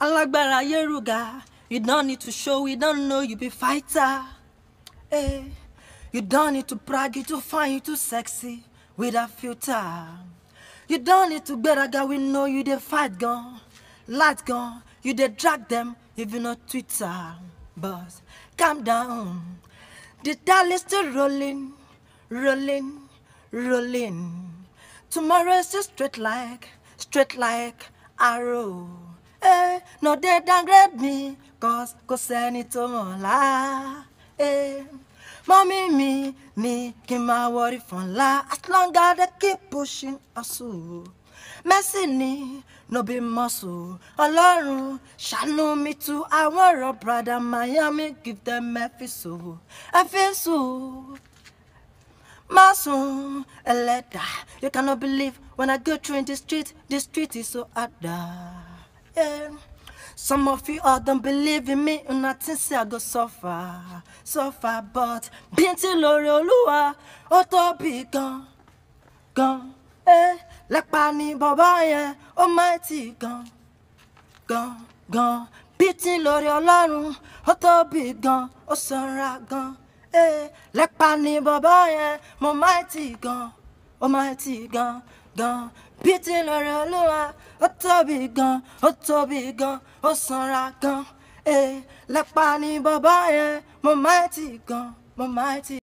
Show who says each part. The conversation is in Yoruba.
Speaker 1: alágbára yeruga you don't need to show we don't know you be fighter hey, eh, you don't need to brag you too fine you too sexy without filter you don't need to gbéraga we know you dey fight gan light gan you dey drag dem even on twitter but calm down the dial is still rolling rolling rolling tomorrow is still straight like straight like arrow no dey downgrade me cause kò sẹ́ni tó mọ̀ ọ̀la. Eh, Mommy mi ni kí n máa wọrí fọ̀nla as long as they keep pushing us o. Oh. Mercy ni no be muscle oh. Ọlọ́run ṣàánú mi tu àwọn ọ̀rọ̀ brother Miami give them ẹ̀fíṣò ẹ̀fíṣò. Má sùn ẹlẹ́dà you cannot believe when I go through in the street the street is so hard. Yeah. Some of you all don't believe in me, and I think say I go so far, so far. but Binti lórí Olúwa, ó tóbi gan, gan, eh, lápá ni bàbá yẹn, ó mighty gan, gan, gan, Binti lórí Ọlọ́run, ó tóbi gan, ó sanra gan, eh, lápá ni bàbá yẹn, mo mighty gan, ó mighty gan gan bí ti lọ́rẹ́ olúwa ó tóbi gan ó tóbi gan ó sanra gan ẹ̀ lápá ni bàbá yẹn mo máa ti gan mo máa ti.